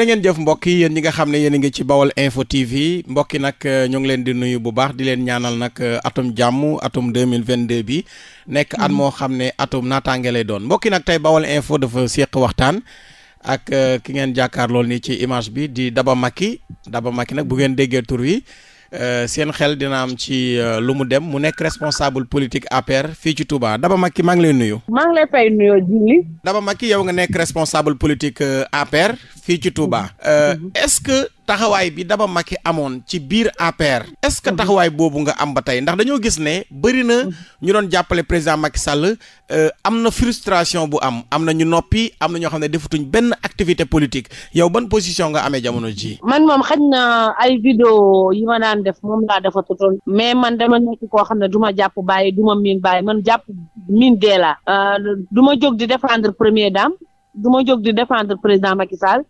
da ngeen jëf mbokk yi yéen ñi nga xam ne yéen ngi ci Bawol Info TV mbokk yi nag euh, ñu ngi leen di nuyu bu baax di leen ñaanal nag euh, atum jàmm atum deux mille vingt deux bi nekk at mm-hmm. moo xam ne atum naataange doon mbokki yi nag tey Bawol Info dafa séq waxtaan ak euh, ki ngeen jàkkaar lool nii ci image bi di Daba Macky Daba Macky nag bu ngeen déggee tur wi seen xel dina am ci lu mu dem mu nekk responsable politique APR fii ci Touba Daba Macky maa ngi lay nuyu. maa ngi lay fay nuyoo Daba Macky yow nga nekk responsable politique APR. fii ci Touba. Euh, mm-hmm. est-ce que taxawaay bi Daba Macky amoon ci biir APR. est-ce que mm-hmm. taxawaay boobu nga am ba tey ndax dañoo gis ne bëri na mm-hmm. ñu doon jàppale président Macky Sall euh, am na frustration bu am am na ñu noppi am na ñoo xam ne defutuñ benn activité politique yow ban position nga amee jamono ji man moom xañ na ay vidéo yi ma daan def moom laa dafa tutoon mais man dama nekk koo xam ne du ma jàpp bàyyi du ma miin bàyyi man jàpp miin dee laa euh, du ma jóg di défendre première dame du ma jóg di défendre président Macky Sall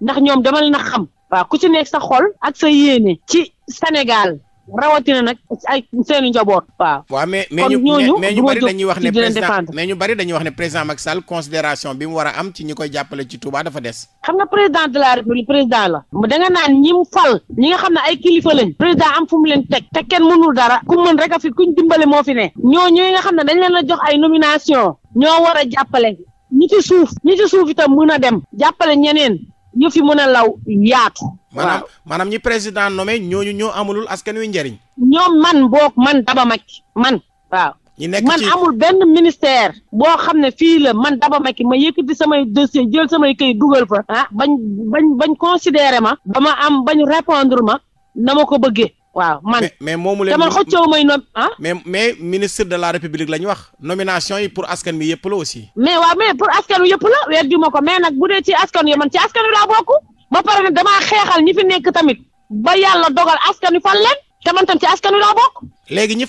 ndax ñoom dama na a xam waaw ku ci nekk sa xol ak sa yéene ci Sénégal rawatina nag ay seeni njaboot. waaw waaw mais mais ñu mais ñu bari dañuy wax leen président mais ñu bari dañuy wax ne président Macky Sall considération bi mu war a am ci ñi koy jàppale ci Touba dafa des. xam nga président de la république président la. mu danga naan ñi mu fal. ñi nga xam ne ay kilifa lañ. président am fu mu leen teg. te kenn mënul dara. ku mën rek a fi kuñ dimbale moo fi ne. ñooñu nga xam ne dañ leen a jox ay nomination. ñoo war a jàppale. ñi ci suuf. ñi ci suuf itam mën a dem. jàppale ñeneen. ñu fi mën a law yaatu. maanaam maanaam ñi président nommé ñooñu ñoo amulul askan wi njëriñ. ñoom man boog man Daba Macky man waaw. ñi nekk man amul benn ministère. boo xam ne fii la man Daba Macky ma yëkkati samay dossier jël samay kay dugal fa. ah bañ bañ bañ considéré ma. ba am bañ répondre ma na ma ko bëggee. waaw man mais moomu leen man xëccoo may no ah mais ministre de la république la wax nomination yi pour askan bi yëpp la aussi mais waaw mais pour askan wi yëpp la weddi ma ko mais nag bu dee ci askan wi man ci askan wi laa bokk ba pare ne damaa xeexal ñi fi nekk tamit ba yàlla dogal askan wi fal leen te man tam ci askan wi la bokk léegi ñi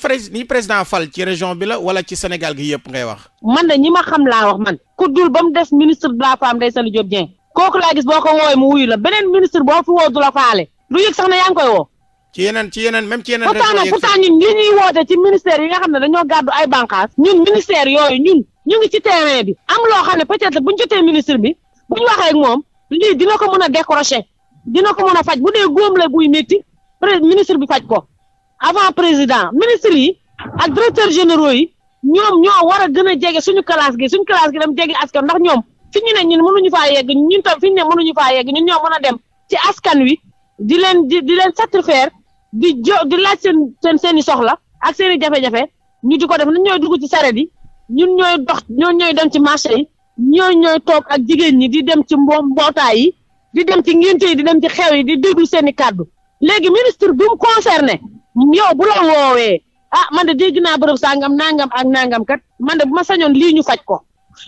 pré fal ci région bi la wala ci Sénégal gi yëpp ngay wax man de ñi ma xam laa wax man ku dul ba mu des ministre de la femme Ndèye Saly Diop Dieng ko woowee mu wuyu la ci yeneen ci yeneen même ci yeneen. région yi pourtant ñun ñi ñuy woote ci ministère yi nga xam ne dañoo gàddu ay bànqaas. ñun ministère yooyu ñun ñu ngi ci terrain bi am loo xam ne peut-être buñ jotee ministre bi buñ waxee moom lii dina ko mën a décrocher dina ko mën a faj bu dee góom la buy métti ministre bi faj ko avant président ministre yi ak directeur généraux yi ñoom ñoo war a gën a jege suñu classe gi suñu classe gi dem jege askan ndax ñoom fi ñu ne ñun mënuñu faa yegg ñun tam fi ñu ne mënuñu faa yegg ñun ñoo mën a dem ci askan wi di leen di leen satisfaire di jo di laaj seen seen seeni i soxla ak seen i jafe-jafe ñu di ko def ñun ñooy dugg ci saret yi ñun ñooy dox ñoo ñooy dem ci marché yi ñoo ñooy toog ak jigéen ñi di dem ci mbo mbootaay yi di dem ci ngénte yi di dem ci xew yi di déglu seen i kàddu léegi ministre bi mu yow bu la woowee ah man de dégg naa bërëb sangam nangam ak nangam kat man de bu ma sañoon lii ñu faj ko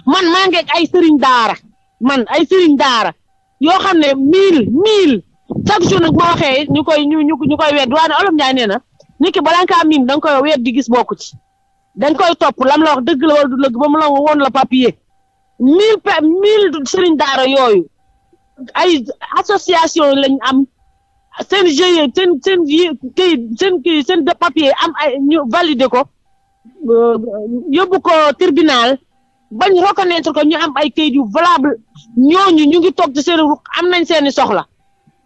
man maa ngeeg ay sëriñ daara man ay sëriñ daara yoo xam ne mille mille chaque jour nag ma waxee ñu koy ñu ñu ñu koy wedd waane olof Ndiaye nee na nit ki balaa nga kaa miin da nga koy wedd di gis bokku ci dañ koy topp lam la wax dëgg la wala du dëgg ba mu la woon la papier mille pe mille sëriñ daara yooyu ay association lañ am seen GIE seen seen kii seen kii seen de am ay ñu valider ko euh, yóbbu ko tribunal bañ reconnaître ko ñu am ay kayit yu valable ñooñu ñu ngi toog ci seen ruq am nañ seeni soxla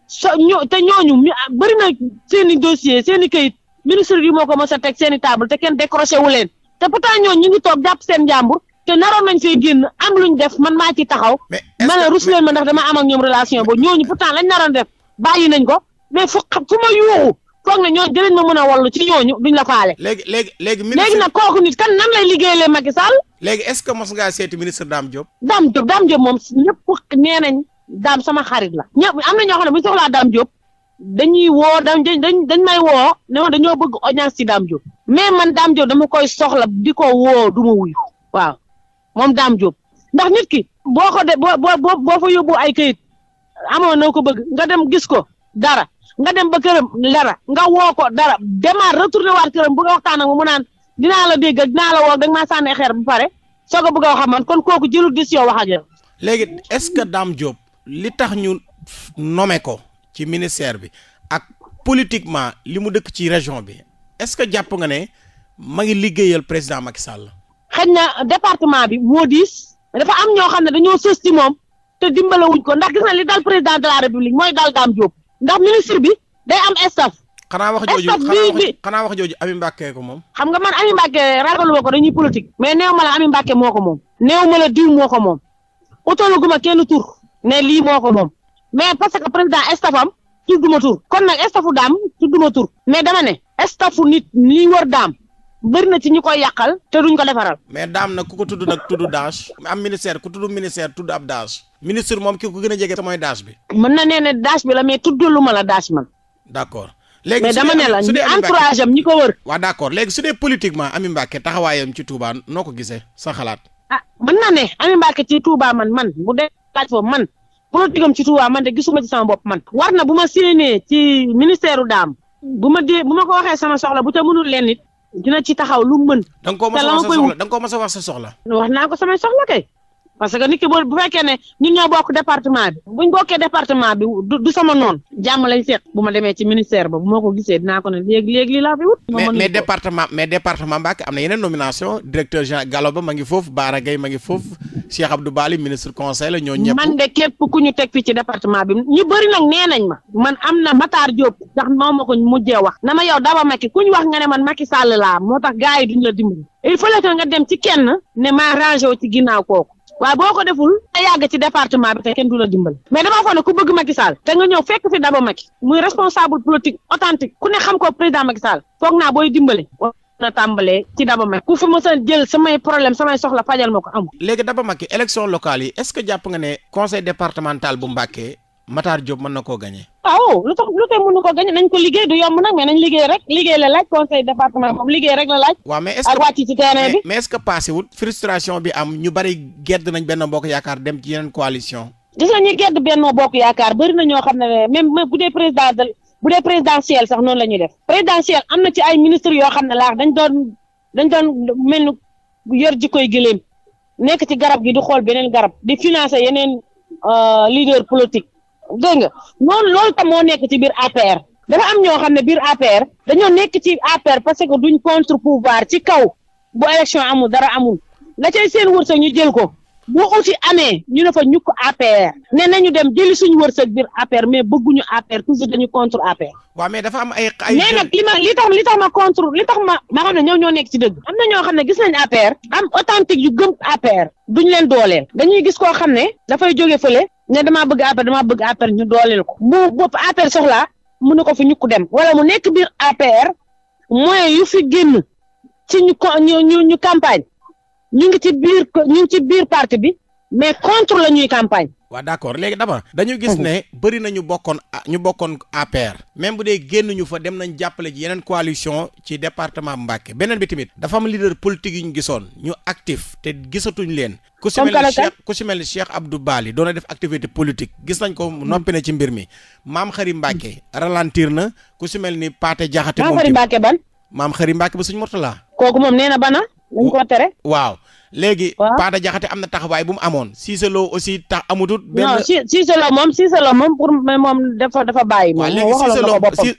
so ño te ñooñu mi bëri na seen i dossier seen kayit ministre yi moo ko mos a teg seen i te kenn décroché wu leen te pourtant ñooñu ñu ngi toog jàpp seen jàmbur te naroon nañ fee génn am luñ def man maa ci taxaw. ma ne rus leen ma ndax dama am ak ñoom relation boobu ñooñu pourtant lañ naroon def bàyyi nañ ko mais fu fu ma yuuxu foog ne ñooñu dinañ ma mën a wallu ci ñooñu duñ la faale. léegi léegi léegi ministre léegi nag kooku nit kan nan lay liggéeyalee Macky Sall. léegi est-ce que mos ngaa seeti ministre Dame Diop. moom ñëpp nañ daam sama xarit la ña am na ñoo xam ne bu ñu soxlaa daam dañuy woo dañ dañ dañ may woo ne ma dañoo bëgg audience ci daam Diop mais man daam Diop dama koy soxla di ko woo du ma wuyu waaw moom dam Diop ndax nit ki boo ko de boo boo boo fa yóbbu ay kayit amoon na ko bëgg nga dem gis ko dara nga dem ba këram dara nga woo ko dara demaat retourné waat këram bu nga waxtaan ak mu naan dinaa la dégg dinaa la woo da nga maa sànni xeer bu pare soo ko bëgg a wax man kon kooku jëlul décision wax ak yow. léegi est-ce que Dame Diop li tax ñu nommé ko ci ministère bi ak politiquement li mu dëkk ci région bi est-ce que jàpp nga ne ma ngi liggéeyal président Macky Sall. xëy na departement bi moo diis dafa am ñoo xam ne dañoo sës ci moom te dimbale wuñ ko ndax gis na li dal président de la république mooy dal Dame Diop ndax ministre bi day am staff. xanaa wax jooju xanaa wax ko moom. xam nga man Amy Mbacké ragalu ma ko dañuy politique. mais néew ma la Amy Mbacké moo ko moom. néew ma la diw moo ko moom utalu guma kenn ne lii moo ko moom mais parce que président estafam tudduma tur kon nag estafu daam tudduma tur mais dama ne estafu nit li wër daam bëri na ci ñi koy yàqal te duñ ko defaral. mais daam nag ku ko tudd nag tudd daas am ministère ku tudd ministère tudd ab daas ministre moom ki ko gën a jege mooy daas bi. mën na nee ne daas bi la mais tuddalu ma la daas man. d'accord léegi su dee mais dama ne la ñu entourage am ñi ko ci Touba noo ko sa xalaat. ah mën na ne Amy Mbacké laaj foofu man politique am ci Touba man de gisuma ci sama bopp man war na bu ma séenee ci ministère u daam bu ma dee bu ma ko waxee sama soxla bu ca mënul leen nit dina ci taxaw lu mën. da nga koo mës a wax sa soxla da nga koo mës a wax sa soxla. wax naa ko samay soxla parce que nit ki bu bu fekkee ne ñun ñoo bokk département bi buñ bokkee département bi du sama noonu jàmm lañ seet bu ma demee ci ministère ba bu ma ko gisee dinaa ko ne léegi léegi lii laa fi wut. mais mais département mais département Mbacké am na yeneen nomination directeur Jean Gallo Ba ma ngi foofu Bara Gaye ma ngi foofu Cheikh Abdou ministre conseil la ñoo ñëpp. man de képp ku ñu teg fii ci département bi ñu bëri nag nee nañ ma man am na Matar Diop ndax moo ma ko mujjee wax na ma yow daba Macky ku ñu wax nga ne man Macky Sall laa moo tax gars yi duñ la nga dem ci kenn ne maa rangé ci ginnaaw kooku waaw boo ko deful te yàgg ci département bi te kenn du la dimbal mais dama foog ne ku bëgg Macky Sall te nga ñëw fekk fi Daba Macky muy responsable politique authentique ku ne xam ko président Macky Sall foog naa booy dimbale na tàmbalee ci Daba Macky ku fi ma sa jël samay problème samay soxla fajal ma ko amul. léegi Daba Macky élection locale yi est-ce que jàpp nga ne conseil départemental bu Mbacké Matar Diop mën na koo gagné. waaw lu tax lu tax mënu ko gagné nañ ko liggéey du yomb nag mais nañ liggéey rek liggéey la laaj conseil département moom liggéey rek la laaj. waaw mais est ce que ak wàcc ci terrain bi. mais est ce que passé wut frustration bi am ñu bari gedd nañ benn mbokk yaakaar dem ci yeneen coalition. gis nga ñi gedd benn mbokk yaakaar bëri na ñoo xam ne même bu dee président de bu dee présidentiel sax noonu la ñuy def. présidentiel am na ci ay ministre yoo xam ne laax dañ doon dañ doon mel ni yor jikkoy gëléem nekk ci garab gi di xool beneen garab di financer yeneen euh, leader politique dégg nga noonu loolu tam moo nekk ci biir APR dafa am ñoo xam ne biir APR dañoo nekk ci APR parce que ñu contre pouvoir ci kaw bu élection amul dara amul la cay seen wërsëg ñu jël ko bu uti amee ñu ne fa ñukk APR ne nañu dem jëli suñu wërsëg biir APR mais bëgguñu APR toujours dañu contre APR. waaw mais dafa am ay ay. mais nag li ma li tax ma contre li tax ma ma xam ne ñoom ñoo nekk ci dëgg. am na ñoo xam ne gis nañ APR. am authentique yu gëm APR leen dooleel. dañuy gis koo xam ne dafay jóge fële ne damaa bëgg APR damaa bëgg APR ñu dooleel ko bu bopp APR soxlaa mu ne ko fi ñu dem wala mu nekk biir APR moyen yu fi génn ci ñu ñu ñu campagne ñu ngi ci biir ñu ngi ci biir parti bi mais contre la ñuy campagne. waa d'accord léegi d'abord dañu gis ne bëri nañu bokkoon ñu bokkoon APR même bu dee génn ñu fa dem nañ jàppale ji yeneen coalition ci département Mbacké beneen bi tamit dafa am leader politique yu ñu gisoon ñu actif te gisatuñ leen ku si mel ni Cheikh ku si mel Bali doon def activité politique gis nañ ko noppi na ci mbir mi maam Xari Mbacké ralentir na ku simel ni Paate Jaxate moom maam Xari Mbacké ban maam Xari Mbacké ba suñ Mourtala kooku moom nee na bana waaw léegi Paata Jaxate am na taxawaay bu mu amoon Cissé Lo aussi tax amutut benn non Cissé Lo moom Cissé Lo moom pour moom dafa dafa bàyyi waaw léegi Cissé Lo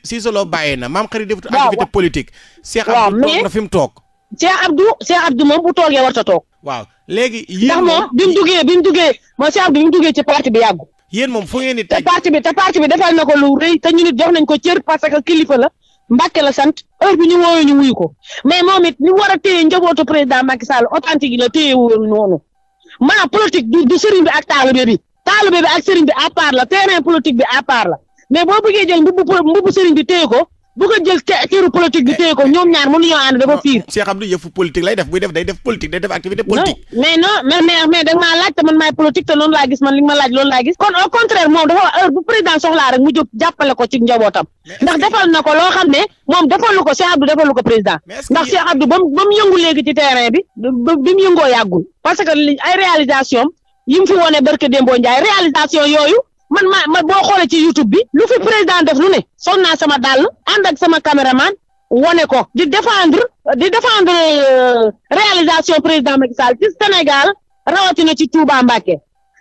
Cissé Lo bàyyi na maam xarit defut activité politique Cheikh Abdou toog na fi mu toog Cheikh Abdou Cheikh Abdou moom bu toogee warta toog waaw léegi yéen ndax moom bi mu duggee bi mu duggee moom Cheikh Abdou bi mu duggee ci parti bi yàggu yéen moom fu ngeen ni te parti bi te parti bi defal na ko lu rëy te ñu nit jox nañ ko cër parce que kilifa la Mbàkke la sant heure bi ñu wooyoo ñu wuyu ko mais moom it ni war a téye njabootu président Macky Sall authentique yi la téye woon noonu maanaam politique du du sëriñ bi ak taalibe bi taalibe bi ak sëriñ bi a part la terrain politique bi à part la mais boo bëggee jël mbubu mbubu bi téye ko bu ko jël tiiru politique bi eh, téye ko eh. ñoom ñaar mënuñoo ànd dafa fiir. Cheikh Abdou yëfu politique lay def buy def day def politique day def activité politique. mais non mais mais mais da nga maa laaj te man maay politique te noonu laa gis ma laaj loolu laa gis. kon au contraire moom dafa heure bu président soxlaa rek mu jóg jàppale ko ci njabootam ndax defal na ko loo xam ne moom defalu ko Cheikh Abdou defalu ko président ndax Cheikh Abdou ba mu ba mu yëngu léegi ci terrain bi ba bi mu yëngoo yàggul parce que ay réalisation yi mu fi wone barke Dembo Ndiaye réalisation yooyu man maa ma boo xoolee ci YouTube bi lu fi président def lu ne sol naa sama dàll ànd ak sama caméraman wone ko di défendre di défendre euh, réalisation président Macky Sall ci Sénégal rawatina ci Touba Mbacké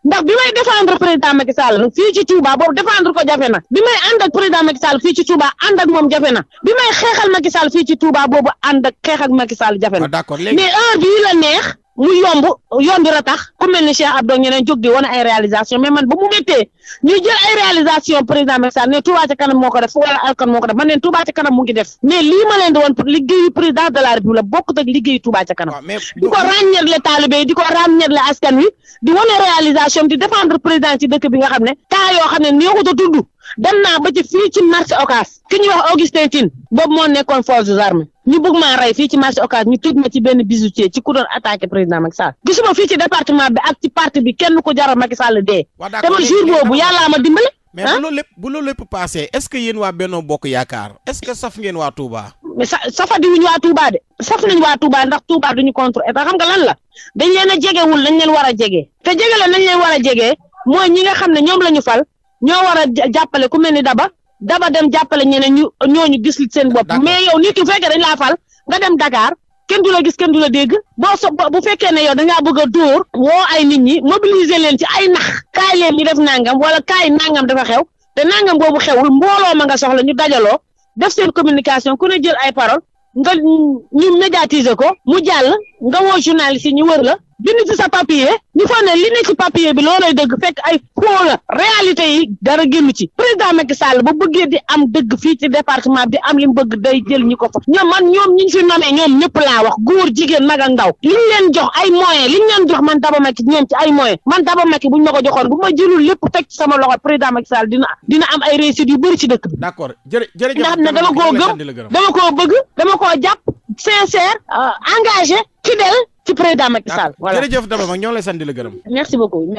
ndax bi may défendre président Macky Sall fii ci Touba boobu défendre ko jafe na bi may ànd ak président Macky Sall fii ci Touba ànd ak moom jafe na bi may xeexal Macky Sall ci Touba boobu ànd ak xeex ak Macky Sall jafe na. Ah, d'accord léegi mais heure bii la neex. mu yomb yoon bi ratax ku mel ni Cheikh Abdou ñeneen jóg di wane ay réalisation mais man ba mu méttee ñu jël ay réalisation président Macky Sall ne Touba ca kanam moo ko def wala alkan moo ko def man leen Touba ca kanam mu ngi def mais lii ma leen di woon pour liggéeyu président de la République bokkut ak liggéeyu Touba kanam di ko ràññeetle taalibe yi di ko ràññeetle askan wi di wane réalisation di défendre président ci dëkk bi nga xam ne taa yoo dem naa ba fii ci marché Ocass ki ñuy wax Augustin Tine boobu moo nekkoon force des armées ñu bëgg rey fii ci marché Ocass ñu tëj ma ci benn bijoutier ci ku doon attaqué président Macky Sall gisuma fii ci département bi ak ci parti bi kenn ko jaral Macky dee. te man jour boobu yàllaa ma dimbale. mais bu ah? lépp bu loolu lépp passé est que yéen waa Benno Bokk Yaakaar est-ce que saf ngeen waa Touba. mais sa safadi wuñu waa Touba de saf nañ waa Touba ndax Touba duñu contre état xam nga lan la dañ leen a jegewul dañ leen war a jege te jegele nañ leen war a jege mooy ñi nga xam ne ñoom la ñu fal ñoo war a jàppale ku mel ni daba daba dem jàppale ñeneen ñu ñooñu gis seen bopp. mais yow nit ki bu fekkee dañ laa fal nga dem Dakar kenn du la gis kenn du la dégg boo so bu fekkee ne yow da ngaa bëgg a dóor woo ay nit ñi mobiliser leen ci ay nax kaay leen ñi def nangam wala kaay nangam dafa xew te nangam boobu xewul mbooloo ma nga soxla ñu dajaloo def seen communication ku ne jël ay parole nga ñu médiatiser ko mu jàll nga woo journaliste yi ñu wër la. bind ci sa papier ñu foog ne li ne ci papier bi loolay dëgg fekk ay faux la yi dara génn ci président Macky Sall ba bëggee di am dëgg fii ci département bi di am li mu bëgg day jël ñu ko fa ñoom man ñoom ñu fi nomee ñoom ñëpp laa wax góor jigéen nag a ndaw liñ leen jox ay moyens liñ leen jox man Daba Macky ñoom ci ay moyens man Daba Macky buñ ma ko joxoon bu ma jëlul lépp teg ci sama loxo président Macky Sall dina dina am ay réussite yu bëri ci dëkk bi. d'accord jërëjëf nga ne dama koo gëm dama koo bëgg dama koo jàpp sincère euh, engagé fidèle ci président Macky Sall. voilà jërëjëf Daba Mag ñoo lay sant di la gërëm. merci beaucoup.